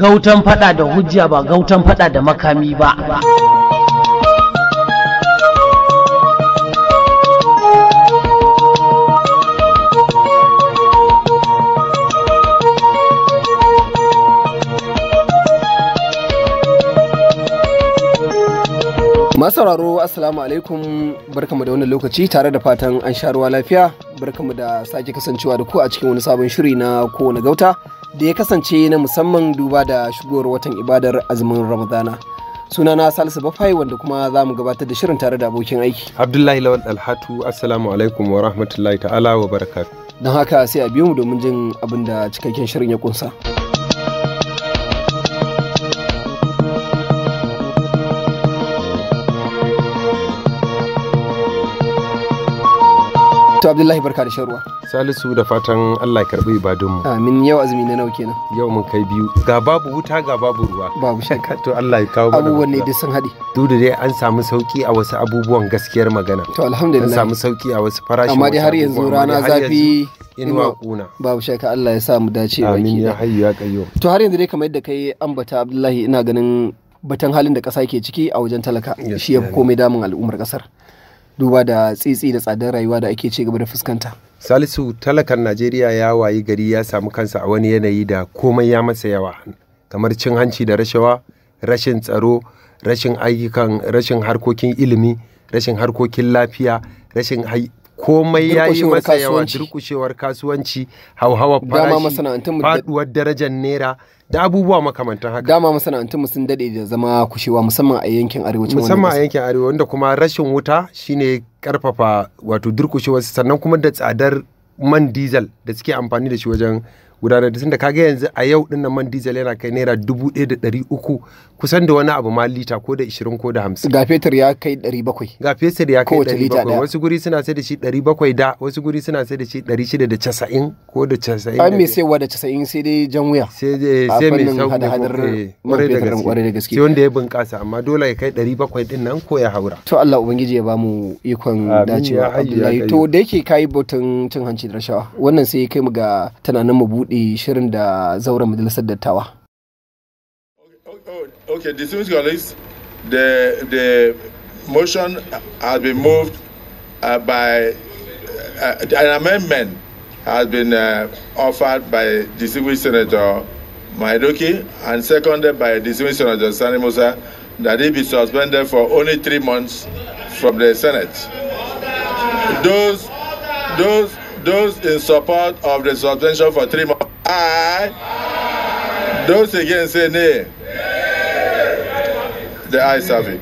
gautan fada da hujja ba gautan fada da makami ba sauraro assalamu alaikum barkamu da wannan lokaci tare da fatan an sha ruwa lafiya barkamu da sake kasancewa da ku a cikin wani sabon shiri na kowane gauta da ya kasance na musamman duba da shigowar watan ibadar azumin ramadana na salisu bafai wanda kuma za mu gabatar da shirin tare da abokin aiki abdullahi lawal alhatu assalamu alaikum wa rahmatullahi ta'ala wa barakatu don haka sai a biyo mu domin jin abin da cikakken shirin ya kunsa. abdullahi barka da sharuwa salisu da fatan allah karɓi karbi mu. amin yau azumi na nau kenan yau mun kai biyu ga babu wuta ga babu ruwa babu shakka to allah ya kawo mana abubuwan ne duk sun haɗe duk da dai an samu sauki a wasu abubuwan gaskiyar magana to alhamdulillah an samu sauki a wasu farashin amma dai har yanzu rana zafi inuwa kuna babu shakka Allah ya sa mu dace amin ya hayya ya kayyo to har yanzu dai kamar yadda kai ambata Abdullahi ina ganin batan halin da ƙasa ke ciki a wajen talaka shi ya komai damun al'ummar ƙasar duba da tsitsi da tsadar rayuwa da ake ci gaba da fuskanta salisu talakan najeriya ya wayi gari ya samu kansa a wani yanayi da komai ya masa yawa kamar cin hanci da rashawa rashin tsaro rashin ayyukan rashin harkokin ilimi rashin harkokin lafiya rashin komai ya yi masa yawa durkushewar kasuwanci hauhawa farashi faduwar darajar naira da abubuwa makamantan haka dama masana'antunmu sun dade da zama kushewa musamman a yankin arewacin musamman a yankin arewa wanda kuma rashin wuta shine karfafa wato durkushewar sannan kuma da tsadar man diesel da suke amfani da shi wajen gudanar da tunda kaga yanzu a yau din nan man diesel yana kai naira dubu ɗaya da ɗari uku kusan da wani abu ma lita ko da ishirin ko da hamsin. ga fetur ya kai ɗari bakwai ga fetur ya kai ɗari bakwai wasu guri suna sai da shi ɗari bakwai da wasu guri suna sai da shi ɗari shida da casa'in ko da casa'in an mai wa da casa'in sai dai jan wuya sai mai sauƙi kwarai eh, da gaske sai wanda ya bunƙasa amma dole ya kai ɗari bakwai ɗin nan ko ya haura to Allah ubangiji ya bamu ikon dacewa Abdullahi to da yake kayi batun cin hanci da rashawa wannan sai kai mu ga tunanin mu buɗe. shirin da zauren majalisar dattawa. Okay, distinguished colleagues, the, the motion has been moved uh, by uh, an amendment has been uh, offered by distinguished Senator Maidoki and seconded by distinguished Senator Sani Musa that he be suspended for only three months from the Senate. Those, those Those in support of the suspension for three months, aye. aye. Those against, say nay. nay. The ayes have it.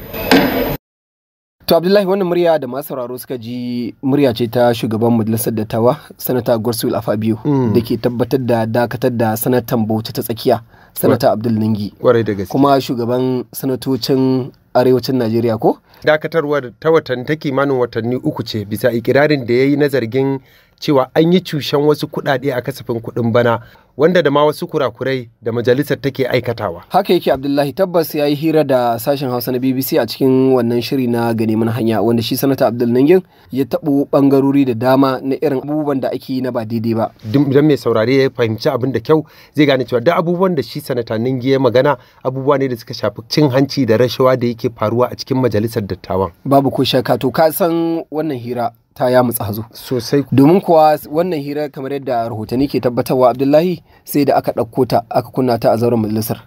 To Abdullahi wannan murya da masu sauraro suka ji murya ce ta shugaban majalisar dattawa sanata Gorswil Afabiyu mm. da ke tabbatar da dakatar da sanatan Bauchi ta tsakiya sanata Abdul Ningi. Kuma shugaban sanatocin arewacin Najeriya ko? Dakatarwar ta watan ta watanni uku ce bisa ikirarin da ya yi na zargin cewa an yi cushen wasu kuɗaɗe a kasafin kuɗin bana wanda da ma wasu kurakurai da majalisar take aikatawa. Haka yake Abdullahi tabbas ya yi hira da sashen Hausa na BBC a cikin wannan shiri na gane mana hanya wanda shi sanata Abdul Nangin ya taɓo bangarori da dama na irin abubuwan da ake yi na ba daidai ba. Idan mai saurare ya fahimci abin da kyau zai gane cewa duk abubuwan da shi sanata Nangin ya magana abubuwa ne da suka shafi cin hanci da rashawa da yake faruwa a cikin majalisar dattawan. Babu ko shakka to ka san wannan hira ta ya mutsa hazo sosai domin kuwa wannan hira kamar yadda rahotanni ke tabbatarwa abdullahi sai da aka ɗauko ta aka kunna ta a zauren majalisar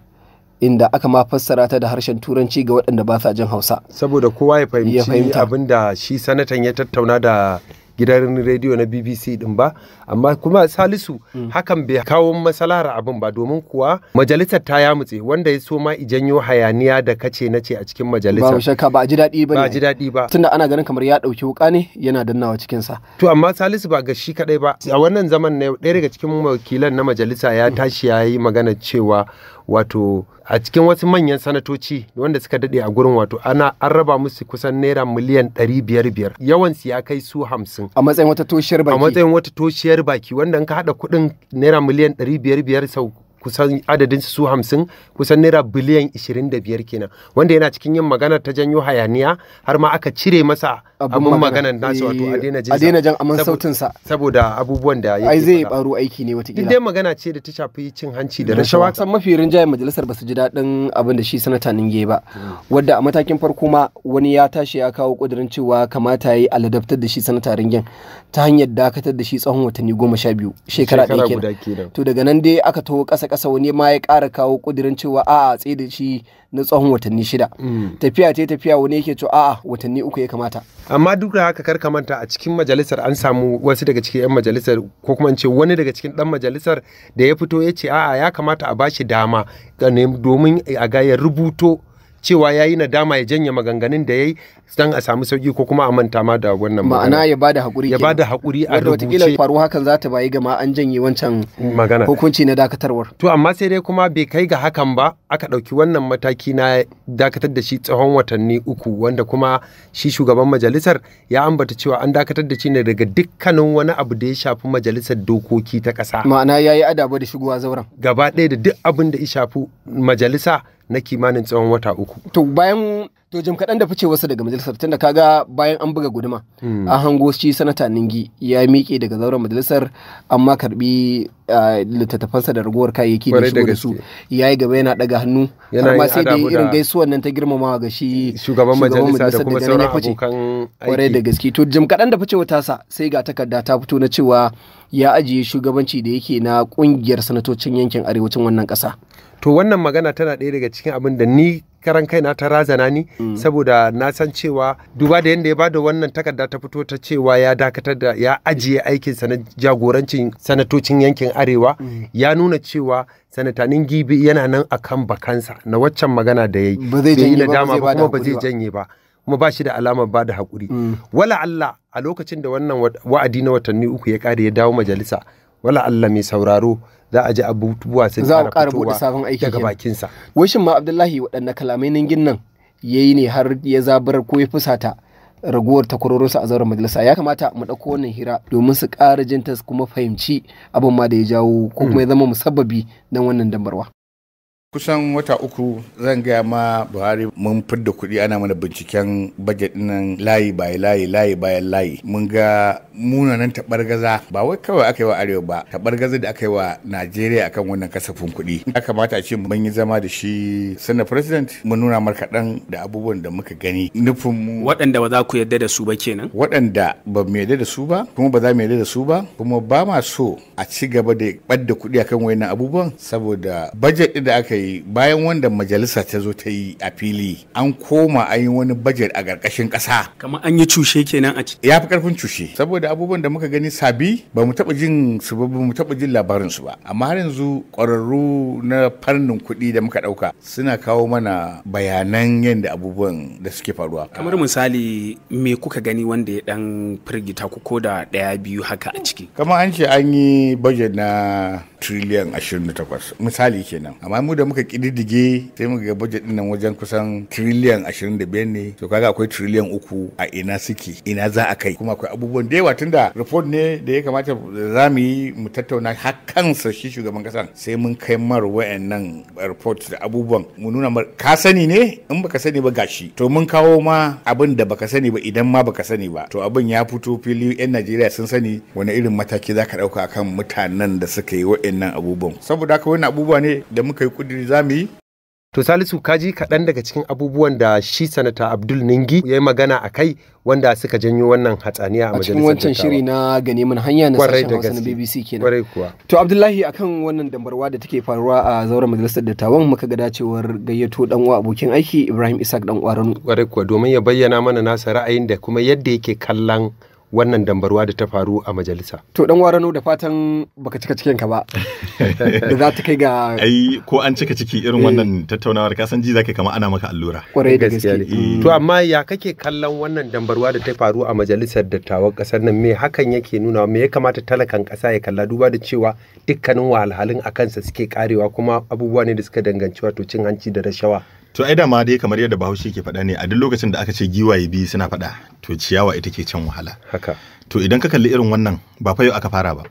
inda aka ma fassara ta da harshen turanci ga waɗanda ba sa jin hausa saboda kowa ya fahimci abin da shi sanatan ya tattauna da gidan rediyo na bbc din ba amma kuma salisu mm. hakan bai kawo masalar abin ba domin kuwa majalisar ta yamutse wanda ya so ma janyo hayaniya da kace na ce a cikin majalisar ba shakka ba ji daɗi ba ba ji daɗi ba tunda ana ganin kamar ya ɗauki wuka ne yana dannawa cikin sa to amma salisu ba ga shi kadai ba a wannan zaman ne ɗaya daga cikin wakilan na majalisa ya tashi ya yi magana cewa wato a cikin wasu manyan sanatoci wanda suka dade a gurin wato ana an raba musu kusan naira miliyan ɗari biyar biyar yawan su ya kai su hamsin a matsayin wata toshiyar baki a matsayin wata toshiyar baki wanda in ka haɗa kuɗin naira miliyan ɗari biyar biyar sau kusan adadin su hamsin kusan naira biliyan 25 kenan wanda yana cikin yin magana ta janyo hayaniya har ma aka cire masa abun magana. nasu wato a eh, daina jan aman sautin sa saboda abubuwan da ya zai baro aiki ne wata dai magana ce da ta shafi cin hanci da rashawa san mafi rinjayen majalisar basu ji daɗin abin da shi sanata Ninge ba wanda a matakin farko ma wani ya tashi ya kawo kudirin cewa kamata yayi aladabtar da shi sanata Ringen ta hanyar dakatar da shi tsawon watanni goma sha biyu shekara ɗaya kenan to daga nan dai aka taho ƙasa kasa wani ma ya kara kawo kudirin cewa a'a tsaye da shi na tsawon watanni shida mm. tafiya ta tafiya wani yake cewa a'a watanni uku ya kamata amma duk da haka kar ka manta a cikin majalisar an samu wasu daga cikin yan majalisar ko kuma ce wani daga cikin dan majalisar da ya fito ya ce a'a ya kamata a bashi dama domin a ga ya rubuto cewa ya yi nadama ya janye maganganun da ya yi don a samu sauki ko kuma a manta ma da wannan ma'ana ya ba da haƙuri ya ba da haƙuri a rubuce Wadda wataƙila faru hakan za ta bayi gama an janye wancan magana hukunci na dakatarwar to amma sai dai kuma bai kai ga hakan ba aka ɗauki wannan mataki na dakatar da shi tsawon watanni uku wanda kuma shi shugaban majalisar ya ambata cewa an dakatar da shi ne daga dukkanin wani abu da ya shafi majalisar dokoki ta ƙasa ma'ana ya yi adaba da shigowa zauren gaba ɗaya da duk abin da ya shafi majalisa na kimanin tsawon wata uku. To bayan to jim kaɗan da fice wasu daga majalisar tunda kaga bayan an buga guduma hmm. an hango shi sanata ningi ya miƙe daga zauren majalisar amma karbi littattafansa da ragowar kayayyaki da shigo da su ya yi gaba yana ɗaga hannu amma sai dai irin gaisuwan nan ta girmamawa ga shi shugaban majalisar da kuma sauran abokan aiki kwarai da gaske to jim kaɗan da fice sa sai ga takarda ta fito na cewa ya ajiye shugabanci da yake na kungiyar sanatocin yankin arewacin wannan ƙasa. to wannan magana tana ɗaya daga cikin abin da ni karan kaina ta razana ni mm. saboda na san cewa duba da yadda ya bada wannan takarda ta fito ta cewa ya dakatar da ya ajiye aikinsa na jagorancin sanatocin yankin arewa mm. ya nuna cewa sanatanin gibi yana nan a kan bakansa na waccan magana da ya yi bai yi ba kuma ba zai janye ba kuma ba shi da alamar ba da haƙuri mm. wala Allah a lokacin da wannan wa'adi na watanni uku ya ƙare ya dawo majalisa wala Allah mai sauraro za a ji abubuwa sun ƙara aiki daga bakinsa. Wishin ma Abdullahi waɗanne kalamai ningin nan ya yi ne har ya zabar ko ya fusata raguwar takwarorinsa a zauren majalisa ya kamata mu ɗauko wannan hira domin su ƙara jin su kuma fahimci abin ma da ya jawo ko kuma ya hmm. zama musabbabi don wannan dambarwa. kusan wata uku zan gaya ma buhari mun fidda kuɗi ana mana binciken bajet nan layi bayan layi layi bayan layi mun ga munanan gaza ba wai kawai aka yi wa arewa ba gaza da aka yi wa najeriya akan wannan kasafin kuɗi ya kamata a ce mun yi zama da shi sanar president mun nuna mar kaɗan da abubuwan da muka gani nufin mu waɗanda ba za ku yarda da su ba kenan waɗanda ba mu yarda da su ba kuma ba za mu yarda da su ba kuma ba ma so a ci gaba da ɓadda kuɗi akan wayannan abubuwan saboda bajet da aka yi bayan wanda majalisa ta zo ta yi a fili an koma an yi wani bajet a ƙarƙashin ƙasa. Kamar an yi cushe kenan a ciki. Ya fi ƙarfin cushe saboda abubuwan da muka gani sabi ba mu taɓa jin su ba mu taɓa jin labarin su ba amma har yanzu ƙwararru na fannin kuɗi da muka ɗauka suna kawo mana bayanan yadda abubuwan da suke faruwa. Kamar misali me kuka gani wanda ya ɗan firgita ku ko da ɗaya biyu haka a ciki. Kamar an ce an yi bajet na triliyan 28 misali kenan amma mu da muka kididdige sai muka ga budget din nan wajen kusan triliyan 25 ne to kaga akwai trillion uku a ina suke ina za a kai kuma akwai abubuwan da yawa tunda report ne da ya kamata za mu yi mu tattauna har kansa shi shugaban kasa. sai mun kai mar wayannan report da abubuwan mu nuna mar ka sani ne in baka sani ba gashi to mun kawo ma abin da baka sani ba idan ma baka sani ba to abin ya fito fili yan Najeriya sun sani wani irin mataki za ka dauka akan mutanen da suka yi nan abubuwan saboda haka wani abubuwa ne da muka yi kudiri za mu yi To Salisu kaji kaɗan daga cikin abubuwan da shi sanata Abdul Ningi ya yi magana a kai wanda suka janyo wannan hatsaniya a majalisar A cikin wancan shiri na gane mun hanya na sashen Hausa na BBC kenan. Kwarai kuwa. To Abdullahi akan wannan dambarwa da take faruwa a zauren majalisar dattawan muka ga dacewar gayyato dan uwa abokin aiki Ibrahim Isaac dan uwa Kwarai kuwa domin ya bayyana mana nasa ra'ayin da kuma yadda yake kallon wannan dambarwa da ta faru a majalisa. To dan warano da fatan baka cika cikin ka ba. da za ta kai ga ai ko an cika ciki irin wannan eh. tattaunawar ka san ji zaka kama ana maka allura. Kwarai da gaske. To amma ya kake kallon wannan dambarwa da ta faru a majalisar dattawan kasar nan me hakan yake nuna me ya kamata talakan kasa ya kalla duba da cewa dukkanin wahalhalun a kansa suke karewa kuma abubuwa ne da suka danganci wato cin hanci da rashawa. to ai dama dai kamar yadda bahaushe ke faɗa ne a duk lokacin da aka ce giwaye biyu suna faɗa to ciyawa ita ke can wahala haka to idan ka kalli irin wannan ba fa yau aka fara ba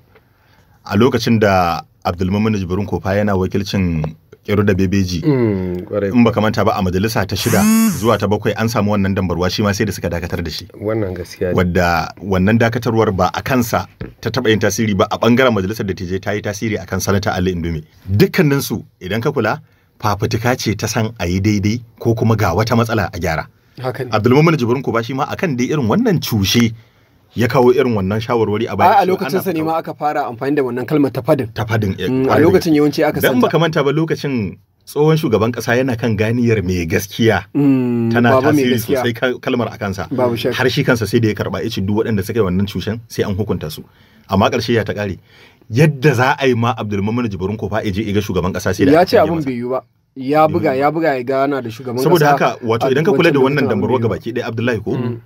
a lokacin da abdulmumin Jibrin kofa yana wakilcin kero da bebeji mm, in ba manta ba a majalisa ta shida zuwa ta bakwai an samu wannan dambarwa shi ma sai da suka dakatar da shi wannan gaskiya ne. wadda wannan dakatarwar ba a kansa ta taba yin tasiri ba a bangaren majalisar da ta je ta yi tasiri akan sanata Ali indomi dukkaninsu idan ka kula fafutuka ce ta san a yi daidai ko kuma ga wata matsala a gyara abdulmumin jibrin ko ba shi ma akan dai irin wannan cushe ya kawo irin wannan shawarwari a baya. A lokacin sa ne ma aka fara amfani da wannan kalmar tafadin. Tafadin. Eh, mm, a lokacin yawanci aka santa. Dan baka manta ba lokacin tsohon shugaban kasa yana kan ganiyar mai gaskiya mm, tana tasiri sosai kalmar a kansa har shi kansa sai da ya karba ici duk waɗanda suka yi wannan cushen sai an hukunta su amma ƙarshe ya ta ƙare yadda za a yi ma Abdulmamin Jibrin Kofa ya je ya ga shugaban kasa sai da ya ce abin bai yi ba ya buga mm. ya buga ya gana da shugaban kasa saboda haka wato idan ka kula da wannan dambarwa gabaki ɗaya Abdullahi ko mm.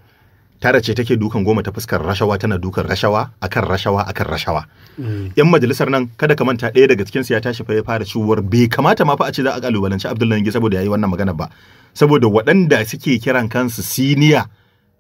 tara ce take dukan goma ta fuskar rashawa tana dukan rashawa akan rashawa akan rashawa mm. yan majalisar nan kada ka manta ɗaya daga cikin ya tashi fa ya fara ciwuwar bai kamata ma fa a ce za a kalubalanci Abdullahi Ngi saboda yayi wannan magana ba saboda waɗanda suke kiran kansu siniya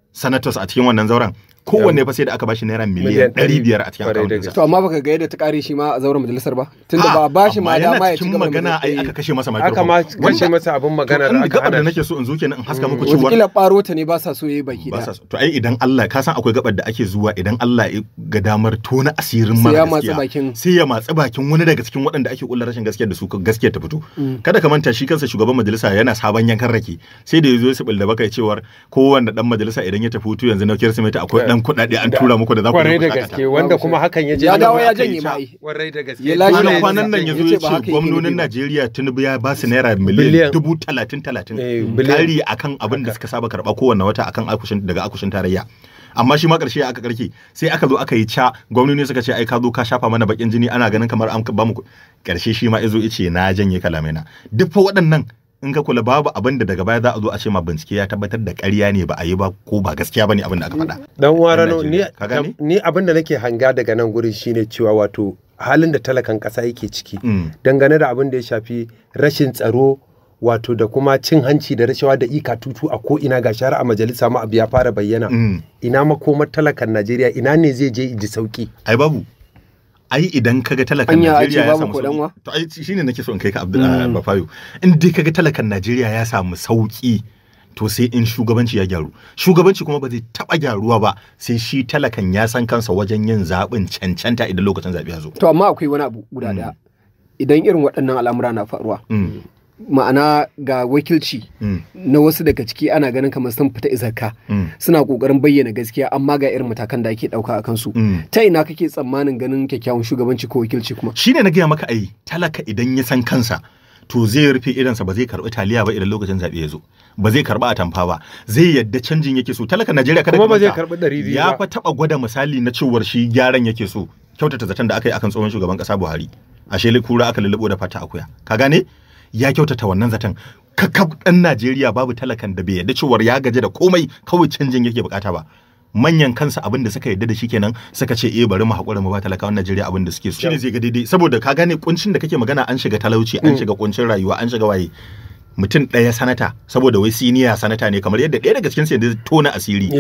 senators a cikin wannan zauren kowanne fa sai da aka bashi naira miliyan ɗari biyar a cikin akawuntinsa. To amma baka ga yadda ta kare shi ma a zauren majalisar ba? Tunda ba ba shi ma dama ya ci gaba magana ai aka kashe masa microphone. Aka ma kashe masa abin magana da aka hana. da nake so in zo kenan in haska muku mm. cewa. Wata ɓaro ta ne ba sa so yayi baki da. To ai idan Allah ka san akwai gabar da ake zuwa idan Allah ya ga damar tona asirin mara gaskiya. Sai ya matsa bakin wani daga cikin waɗanda ake kullar rashin gaskiya da su gaskiya ta fito. Mm. Kada ka manta shi kansa shugaban majalisa yana sabon yankan rake sai da ya zo ya baka cewar kowanne dan majalisa idan ya tafi hutu yanzu na kirsimeti akwai dan kuɗaɗe an tura muku da za ku yi da gaske wanda kuma hakan ya je ya dawo ya janye mai kwarai da gaske ya lashe kwanan nan yanzu ya ce gwamnonin Najeriya Tinubu ya ba su naira miliyan dubu talatin talatin eh, kari akan abin da suka saba karɓa kowanne wata akan akushin daga akushin tarayya amma shi ma karshe aka karke sai aka zo aka yi ca gwamnoni suka ce ai ka zo ka shafa mana bakin jini ana ganin kamar an ba mu karshe shi ma yazo ya ce na janye kalamaina duk fa waɗannan in ka kula babu abin da daga baya za a zo a ce ma bincike ya tabbatar da ƙarya ne ba a yi ba ko ba gaskiya bane abin da aka faɗa dan wara ni ni abin da nake hanga daga nan gurin shine cewa wato halin da talakan ƙasa yake ciki mm. dangane da abin da ya shafi rashin tsaro wato da kuma cin hanci da rashawa da ika tutu a ko ina ga shara a majalisa ma abu ya fara bayyana mm. ina makomar talakan Najeriya ina ne zai je ji sauki ai babu ai idan kaga talakan Najeriya ya samu sauki to ai shine nake so in kai ka Abdul hmm. ah, Bafayo in dai kaga talakan Najeriya ya samu sauki to sai in shugabanci ya gyaru shugabanci kuma ba zai taba gyaruwa ba sai shi talakan ya san kansa wajen yin zaɓin cancanta idan lokacin zaɓe ya zo to amma akwai wani abu guda daya hmm. idan irin waɗannan al'amura na faruwa hmm. ma'ana ga wakilci mm. na wasu daga ciki ana ganin kamar sun fita izarka mm. suna kokarin bayyana gaskiya amma ga irin matakan da ake dauka a kansu mm. ta ina kake tsammanin ganin kyakkyawan shugabanci ko wakilci kuma shine na gaya maka ai talaka idan ya san kansa to zai rufe idansa ba zai karbi taliya ba idan lokacin zabe ya zo ba zai karba atamfa ba zai yadda canjin yake so talaka Najeriya kada ba zai karbi dari ya fa taba gwada misali na cewar shi gyaran yake so kyautata zaton da aka yi akan tsohon shugaban kasa Buhari ashe kura aka lullubo da fata akuya ka gane ya kyautata wannan zaton kakkab ɗan Najeriya babu talakan da bai Yadda cewar ya gaji da komai kawai canjin yake bukata ba manyan kansa abin da suka yarda da shi kenan suka ce eh bari mu hakura mu ba wannan Najeriya abin da suke so shine zai ga daidai saboda ka gane kuncin da kake magana an shiga talauci an hmm. shiga kuncin rayuwa an shiga waye mutum ɗaya sanata saboda wai siniya sanata ne kamar yadda ɗaya daga cikin yanzu tona asiri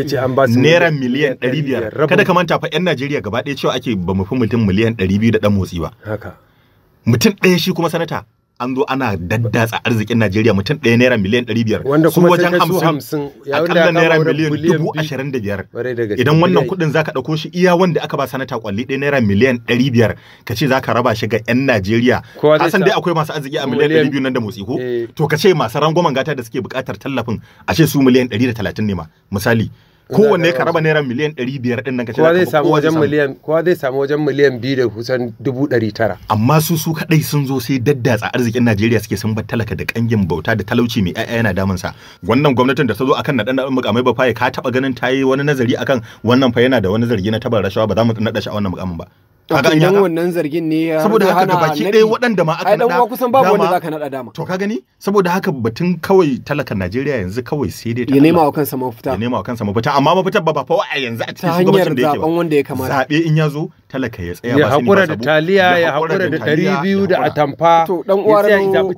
naira miliyan ɗari biyar kada ka manta fa 'yan najeriya gaba ɗaya cewa ake ba mu fi mutum miliyan ɗari biyu da ɗan motsi ba mutum ɗaya shi kuma sanata an zo ana daddatsa arzikin Najeriya mutum ɗaya naira miliyan ɗari biyar. Wanda kuma wajen hamsin akalla naira miliyan dubu ashirin da biyar. Idan wannan kuɗin zaka ɗauko shi iya wanda aka ba sanata kwalli ɗaya naira miliyan ɗari biyar ka ce zaka raba shi ga 'yan Najeriya. Ka san dai akwai masu arziki a miliyan ɗari biyu nan da motsi ko? Eh. To ka ce masu rangwamen gata da suke buƙatar tallafin a ce su miliyan ɗari da talatin ne ma misali. kowanne ka raba naira miliyan 500 din nan ka ce zai samu wajen miliyan kowa zai samu wajen miliyan 2 da kusan 900 amma su su kadai sun zo sai daddatsa arzikin Najeriya suke sun bar talaka da kangin bauta da talauci mai ƴaƴa yana damun sa wannan gwamnatin da ta zo akan nadan mukamai ba fa ka taba ganin ta yi wani nazari akan wannan fa yana da wani zargi na tabar rashawa ba za mu nada shi a wannan mukamin ba Kaga idan wannan zargin ne ya saboda haka gabaki ɗaya waɗanda ma aka nada kusan babu wanda zaka nada dama to ka gani saboda haka batun kawai talakan Najeriya yanzu kawai sai dai ta ya nema wa kansa mafita ya nema wa kansa mafita amma mafitar ba ba fa wa yanzu a cikin shugabancin da yake ba zaben wanda ya kamata zabe in ya zo talaka ya tsaya ya hakura da taliya ya hakura da ɗari biyu da atamfa to dan uwa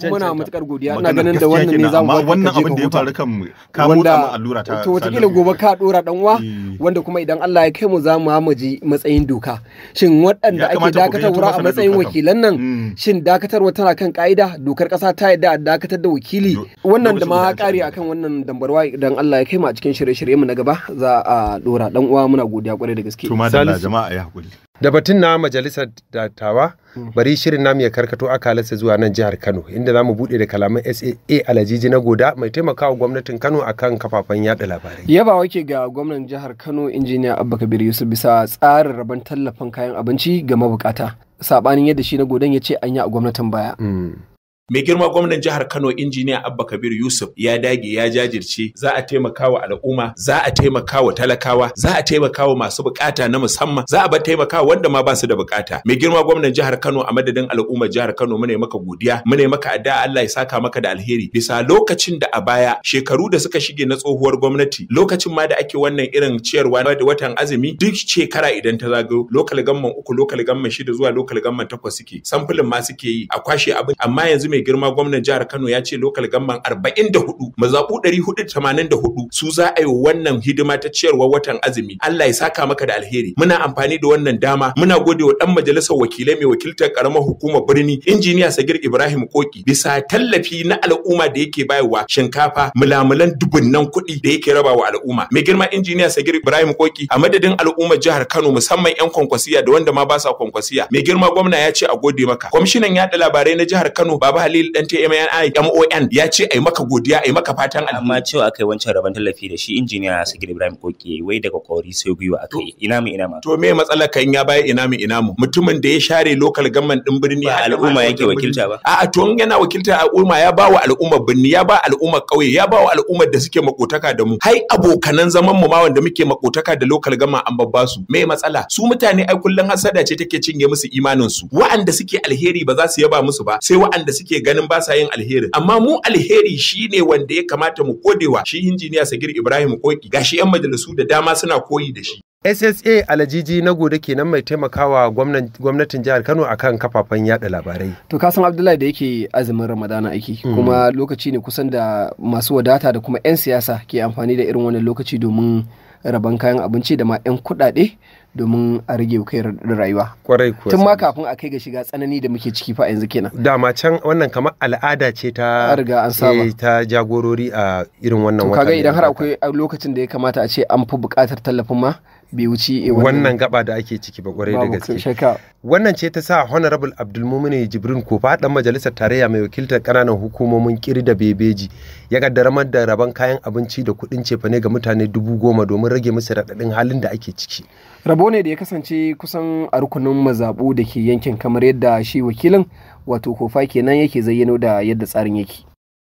muna matukar godiya ina ganin da wannan ne zamu ga wannan abin da ya faru kan ka motsa mu allura ta to kila gobe ka dora dan uwa eh. wanda kuma idan Allah ya kai mu za mu mu ji matsayin doka shin waɗanda ake dakatarwa a matsayin wakilan nan hmm. shin dakatarwa tana kan ka'ida dokar ƙasa ta yadda dakatar da wakili wannan da ma ƙari akan wannan dambarwa idan Allah ya kai mu a cikin shirye-shirye mu na gaba za a dora dan uwa muna godiya kwarai da gaske to madalla jama'a ya hakuri da batun na majalisar dattawa mm. bari shirin namu ya karkato akalarsa zuwa nan jihar kano inda za mu buɗe da kalaman saa alajiji na goda mai taimakawa gwamnatin kano a kan kafafen yada labarai yaba wake ga gwamnan jihar kano injiniya abba kabir yusuf bisa tsarin rabon tallafin kayan abinci ga mabukata Saɓanin yadda shi na godan ya ce an yi a gwamnatin baya mm. Mai girma gwamnan jihar Kano injiniya Abba Kabir Yusuf ya dage ya jajirce za a taimaka wa al'umma, za a taimaka wa talakawa, za a taimaka wa masu bukata na musamman, za a ba taimaka wanda ma ba su da bukata. Mai girma gwamnan jihar Kano a madadin al'ummar jihar Kano muna maka godiya, muna maka addu'a Allah ya saka maka da alheri. Bisa lokacin da a baya shekaru da suka shige na tsohuwar gwamnati, lokacin ma da ake wannan irin ciyarwa da watan azumi duk shekara idan ta zagayo, lokal gamman uku, lokal gamman shida zuwa lokal gamman takwas suke, samfulin ma suke yi, a kwashe abin amma yanzu mai girma gwamnan jihar Kano ya ce local gamman 44 mazabu 484 su za a yi wannan hidima ta ciyarwa watan azumi Allah ya saka maka da alheri muna amfani da wannan dama muna gode wa dan majalisar wakilai mai wakiltar karamar hukumar birni injiniya Sagir Ibrahim Koki bisa tallafi na al'umma da yake bayarwa shinkafa mulamulan dubunnan kuɗi da yake raba wa al'umma mai girma injiniya Sagir Ibrahim Koki a madadin al'ummar jihar Kano musamman yan kwankwasiya da wanda ma ba sa kwankwasiya mai girma gwamna ya ce a gode maka kwamishinan yaɗa labarai na jihar Kano Baba Halil dan TMNI MON ya ce ai maka godiya ai maka fatan alheri amma cewa akai wancan rabon tallafi da shi injiniya Sagir Ibrahim Koke wai daga kori sai gwiwa akai ina mu ina ma to me matsalar kan ya bai ina mu ina mu mutumin da ya share local government din birni ba al'umma yake wakilta ba a'a to yana wakilta al'umma ya ba wa al'umma birni ya ba al'umma kauye ya ba wa al'umma da suke makotaka da mu hai abokanan zaman mu ma wanda muke makotaka da local government an babba su me matsala su mutane ai kullun hasada ce take cinye musu imanin su wa'anda suke alheri ba za su yaba musu ba sai wa'anda suke suke ganin ba sa yin alheri, amma mu alheri shine wanda ya kamata mu kodewa shi injiniya Sagir Ibrahim Koki gashi yan majalisu da dama suna koyi da shi SSA alajiji na gode kenan mai taimakawa gwamnatin jihar Kano akan kafafen yada labarai. To kasan Abdullahi da yake azumin Ramadana aiki hmm. kuma lokaci ne kusan da masu wadata da kuma 'yan siyasa ke amfani da irin wannan lokaci domin rabon kayan abinci da ma 'yan kuɗaɗe domin a rage kai rayuwa. Kwarai kuwa. Tun ma kafin a kai ga shiga tsanani da muke ciki fa yanzu kenan. Dama can wannan kamar al'ada ce ta riga an saba. Eh, ta jagorori a irin wannan wata. kaga idan har akwai lokacin da ya kamata a ce an fi buƙatar tallafin ma bai wuci eh, wannan gaba da ake ciki ba kwarai da gaske wannan ce ta sa honorable abdulmumin jibrin ko faɗan majalisar tarayya mai wakiltar ƙananan hukumomin kiri da bebeji ya kaddamar da rabon kayan abinci da kuɗin cefane ga mutane dubu goma domin rage musu raɗaɗin halin da ake ciki rabo ne da ya kasance kusan a rukunin mazaɓu da ke yankin kamar yadda shi wakilin wato kofa kenan yake zayyano da yadda tsarin yake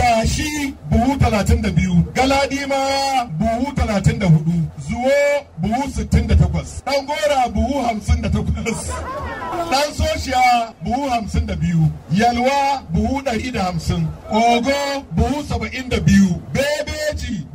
gashi buhu talatin da biyu galadima buhu talatin da hudu zuwo buhu sittin da takwas dangora buhu hamsin da takwas Ɗan soshiya buhu hamsin da biyu, yalwa buhu dari da hamsin, ogo buhu saba'in da biyu, bebeji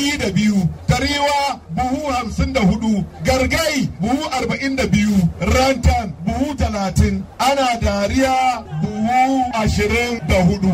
ɗari da biyu tarewa buhu hamsin da hudu gargai buhu arba'in da biyu rantan buhu talatin ana dariya buhu ashirin da hudu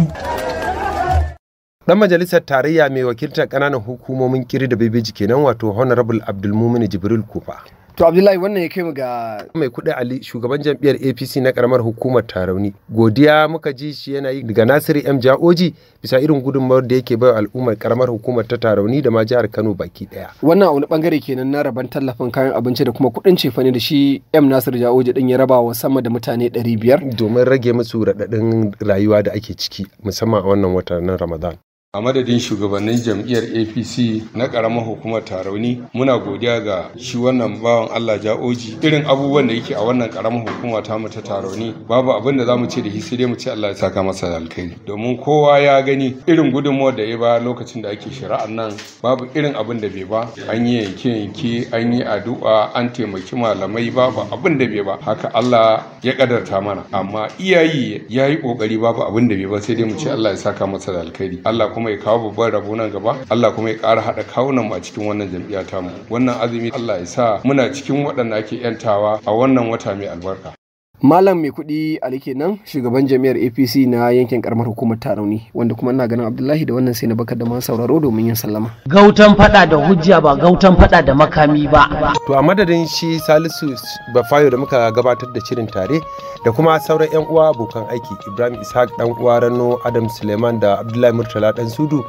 Dan majalisar tarayya mai wakiltar ƙananan hukumomin kiri da bibiji kenan wato Honorable Abdulmumin Jibril Kufa. To Abdullahi wannan ya kai mu ga mai kuɗi Ali shugaban jam'iyyar APC na karamar hukumar Tarauni. Godiya muka ji shi yana yi daga Nasiru M Jaoji bisa irin gudunmawar da yake bayar al'ummar karamar hukumar ta Tarauni da ma jihar Kano baki ɗaya. Wannan a wani bangare kenan na raban tallafin kayan abinci da kuma kuɗin cefane da shi M Nasiru Jaoji din ya raba wa sama da mutane 500 domin rage musu raɗaɗin rayuwa da ake ciki musamman a wannan watan Ramadan. a madadin shugabannin jam'iyyar apc na ƙaramar hukumar tarauni muna godiya ga shi wannan bawan allah ja'oji irin abubuwan da yake a wannan karamar hukuma ta mu ta tarauni babu abin da za mu ce da shi sai dai mu ce allah ya saka masa alkhairi domin kowa ya gani irin gudunmuwar da ya ba lokacin da ake shari'ar nan babu irin abin da bai ba an yi yanke yanke an yi addu'a an taimaki malamai babu abin da bai ba haka allah ya kadarta mana amma iyaye ya yi ƙoƙari babu abin da bai ba sai dai mu ce allah ya saka masa da alkhairi allah kuma kuma ya kawo babban rabo nan gaba Allah kuma ya ƙara haɗa kawunan mu a cikin wannan jam'iyya tamu wannan azumi Allah ya sa muna cikin waɗanda ake yantawa a wannan wata mai albarka Malam mai kuɗi Ali kenan shugaban jami'ar APC na yankin karamar hukumar Tarauni wanda kuma ina ganin Abdullahi da wannan sai na baka da ma sauraro domin yin sallama. Gautan fada da hujja ba gautan fada da makami ba. To a madadin shi Salisu Bafayo da muka gabatar da shirin tare da kuma sauran 'yan uwa abokan aiki Ibrahim Ishaq dan uwa Rano Adam Suleiman da Abdullahi Murtala dan Sudu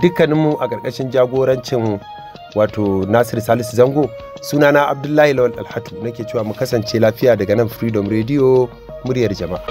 dukkaninmu a ƙarƙashin jagorancin wato nasir salisu zango sunana abdullahi lawal alhatu nake cewa mu kasance lafiya daga nan freedom radio muryar jama'a